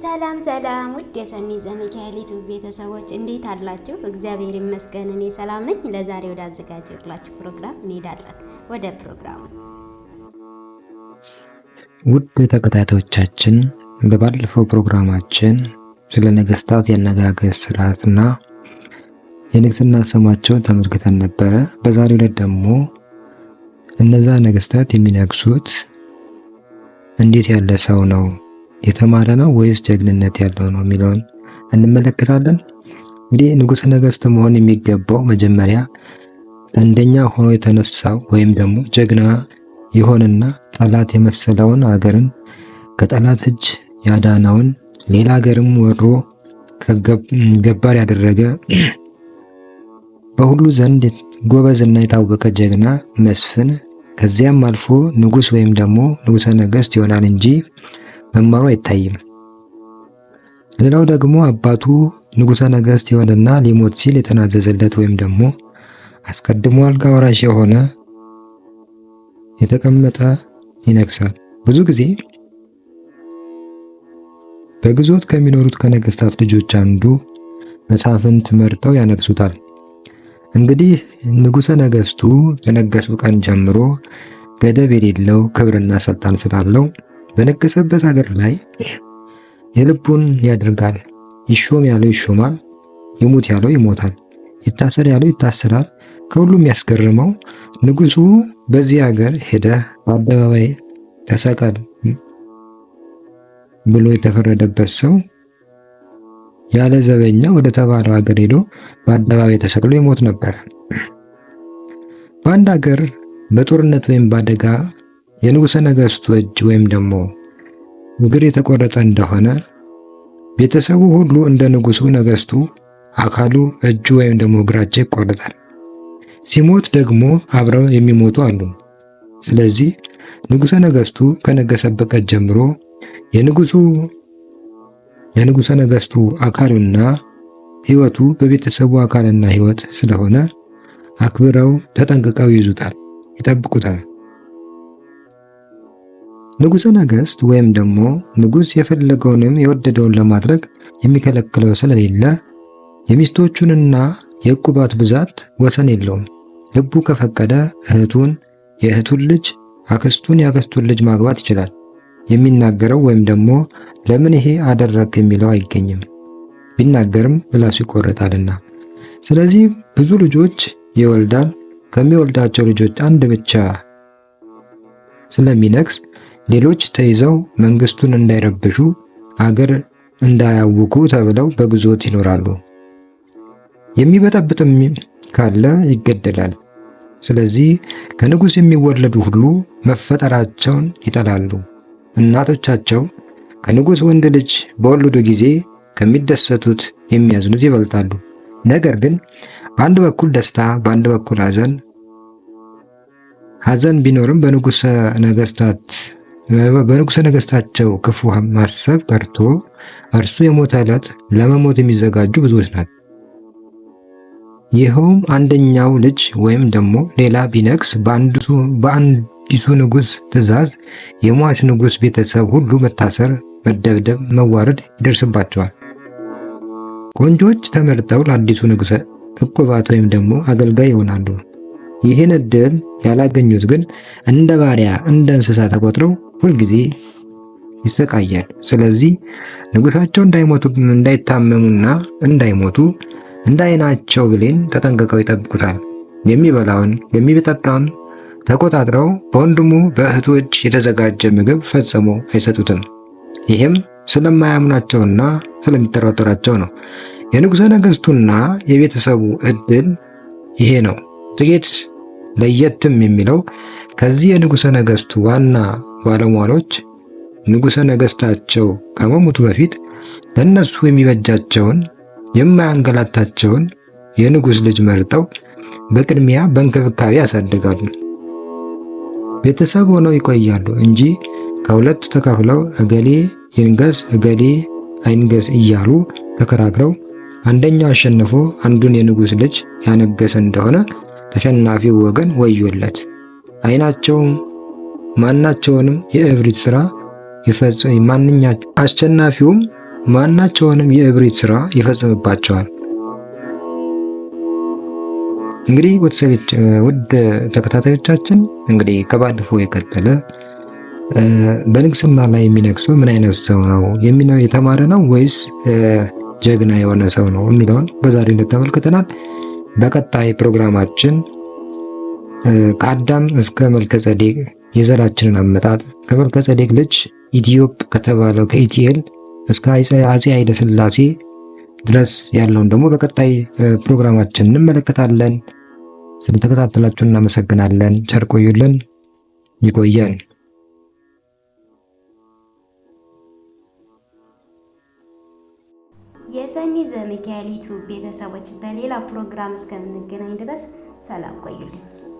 ሰላም ሰላም ውድ የሰኒ ዘሚካኤል ቤተሰቦች እንዴት አላችሁ? እግዚአብሔር ይመስገን እኔ ሰላም ነኝ። ለዛሬ ወደ አዘጋጀላችሁ ፕሮግራም እንሄዳለን። ወደ ፕሮግራሙ። ውድ ተከታታዮቻችን በባለፈው ፕሮግራማችን ስለ ነገስታት የአነጋገር ስርዓትና የንግስና ስማቸው ተመልክተን ነበረ። በዛሬው ዕለት ደግሞ እነዛ ነገስታት የሚነግሱት እንዴት ያለ ሰው ነው የተማረ ነው ወይስ ጀግንነት ያለው ነው የሚለውን እንመለከታለን። እንግዲህ ንጉሠ ነገሥት መሆን የሚገባው መጀመሪያ አንደኛ ሆኖ የተነሳው ወይም ደግሞ ጀግና ይሆንና ጠላት የመሰለውን አገርን ከጠላት እጅ ያዳነውን ሌላ ሀገርም ወሮ ገባር ያደረገ በሁሉ ዘንድ ጎበዝና የታወቀ ጀግና መስፍን ከዚያም አልፎ ንጉሥ ወይም ደግሞ ንጉሠ ነገሥት ይሆናል እንጂ መማሩ አይታይም። ሌላው ደግሞ አባቱ ንጉሠ ነገሥት የሆነና ሊሞት ሲል የተናዘዘለት ወይም ደግሞ አስቀድሞ አልጋ ወራሽ የሆነ የተቀመጠ ይነግሳል። ብዙ ጊዜ በግዞት ከሚኖሩት ከነገስታት ልጆች አንዱ መሳፍንት መርጠው ያነግሱታል። እንግዲህ ንጉሠ ነገሥቱ ከነገሱ ቀን ጀምሮ ገደብ የሌለው ክብርና ስልጣን ስላለው በነገሰበት ሀገር ላይ የልቡን ያደርጋል። ይሾም ያለው ይሾማል፣ ይሙት ያለው ይሞታል፣ ይታሰር ያለው ይታሰራል። ከሁሉም የሚያስገርመው ንጉሱ በዚህ ሀገር ሄደ በአደባባይ ተሰቀል ብሎ የተፈረደበት ሰው ያለ ዘበኛ ወደ ተባለው ሀገር ሄዶ በአደባባይ ተሰቅሎ ይሞት ነበር። በአንድ ሀገር በጦርነት ወይም በአደጋ የንጉሠ ነገሥቱ እጅ ወይም ደግሞ እግር የተቆረጠ እንደሆነ ቤተሰቡ ሁሉ እንደ ንጉሡ ነገሥቱ አካሉ እጁ ወይም ደግሞ እግራቸው ይቆረጣል። ሲሞት ደግሞ አብረው የሚሞቱ አሉ። ስለዚህ ንጉሠ ነገሥቱ ከነገሰበት ቀን ጀምሮ የንጉሡ የንጉሠ ነገሥቱ አካሉና ሕይወቱ በቤተሰቡ አካልና ሕይወት ስለሆነ አክብረው ተጠንቅቀው ይዙታል ይጠብቁታል። ንጉሠ ነገሥት ወይም ደግሞ ንጉሥ የፈለገውንም የወደደውን ለማድረግ የሚከለክለው ስለሌለ የሚስቶቹንና የእቁባት ብዛት ወሰን የለውም። ልቡ ከፈቀደ እህቱን፣ የእህቱን ልጅ፣ አክስቱን፣ የአክስቱን ልጅ ማግባት ይችላል። የሚናገረው ወይም ደግሞ ለምን ይሄ አደረግ የሚለው አይገኝም፣ ቢናገርም ምላሱ ይቆረጣልና። ስለዚህ ብዙ ልጆች ይወልዳል። ከሚወልዳቸው ልጆች አንድ ብቻ ስለሚነግስ ሌሎች ተይዘው መንግስቱን እንዳይረብሹ አገር እንዳያውኩ ተብለው በግዞት ይኖራሉ። የሚበጠብጥም ካለ ይገደላል። ስለዚህ ከንጉስ የሚወለዱ ሁሉ መፈጠራቸውን ይጠላሉ። እናቶቻቸው ከንጉስ ወንድ ልጅ በወለዱ ጊዜ ከሚደሰቱት የሚያዝኑት ይበልጣሉ። ነገር ግን በአንድ በኩል ደስታ፣ በአንድ በኩል ሐዘን ሐዘን ቢኖርም በንጉሰ ነገስታት በንጉሠ ነገሥታቸው ክፉ ማሰብ ቀርቶ እርሱ የሞተ ዕለት ለመሞት የሚዘጋጁ ብዙዎች ናቸው። ይኸውም አንደኛው ልጅ ወይም ደግሞ ሌላ ቢነግስ በአዲሱ ንጉሥ ትእዛዝ የሟች ንጉሥ ቤተሰብ ሁሉ መታሰር፣ መደብደብ፣ መዋረድ ይደርስባቸዋል። ቆንጆች ተመርጠው ለአዲሱ ንጉሥ እቁባት ወይም ደግሞ አገልጋይ ይሆናሉ። ይህን ዕድል ያላገኙት ግን እንደ ባሪያ፣ እንደ እንስሳ ተቆጥረው ሁልጊዜ ይሰቃያል። ስለዚህ ንጉሳቸው እንዳይሞቱ እንዳይታመሙና እንዳይሞቱ እንዳይናቸው ብሌን ተጠንቅቀው ይጠብቁታል። የሚበላውን የሚጠጣውን ተቆጣጥረው በወንድሙ በእህቶች የተዘጋጀ ምግብ ፈጽሞ አይሰጡትም። ይህም ስለማያምናቸውና ስለሚጠራጠራቸው ነው። የንጉሠ ነገሥቱና የቤተሰቡ ዕድል ይሄ ነው። ጥቂት ለየትም የሚለው ከዚህ የንጉሠ ነገሥቱ ዋና ባለሟሎች ንጉሠ ነገሥታቸው ከመሞቱ በፊት ለእነሱ የሚበጃቸውን የማያንገላታቸውን የንጉሥ ልጅ መርጠው በቅድሚያ በእንክብካቤ ያሳድጋሉ። ቤተሰብ ሆነው ይቆያሉ እንጂ ከሁለቱ ተከፍለው እገሌ ይንገስ እገሌ አይንገስ እያሉ ተከራክረው አንደኛው አሸንፎ አንዱን የንጉሥ ልጅ ያነገሰ እንደሆነ ተሸናፊው ወገን ወዮለት። አይናቸውም ማናቸውንም የእብሪት ስራ ይፈጽም ማንኛቸው አሸናፊውም ማናቸውንም የእብሪት ስራ ይፈጽምባቸዋል። እንግዲህ ወተሰቤት ውድ ተከታታዮቻችን እንግዲህ ከባለፈው የቀጠለ በንግስና ላይ የሚነግሰው ምን አይነት ሰው ነው? የተማረ ነው ወይስ ጀግና የሆነ ሰው ነው የሚለውን በዛሬ ተመልክተናል። በቀጣይ ፕሮግራማችን ከአዳም እስከ መልከጸዴቅ የዘራችንን አመጣጥ ከመልከጸዴቅ ልጅ ኢትዮጵ ከተባለው ከኢቲኤል እስከ አፄ ኃይለ ስላሴ ድረስ ያለውን ደግሞ በቀጣይ ፕሮግራማችን እንመለከታለን። ስለተከታተላችሁ እናመሰግናለን። ቸር ቆዩልን። ይቆየን። የሰኒ ዘሚካኤል ቤተሰቦች በሌላ ፕሮግራም እስከምንገናኝ ድረስ ሰላም ቆዩልኝ።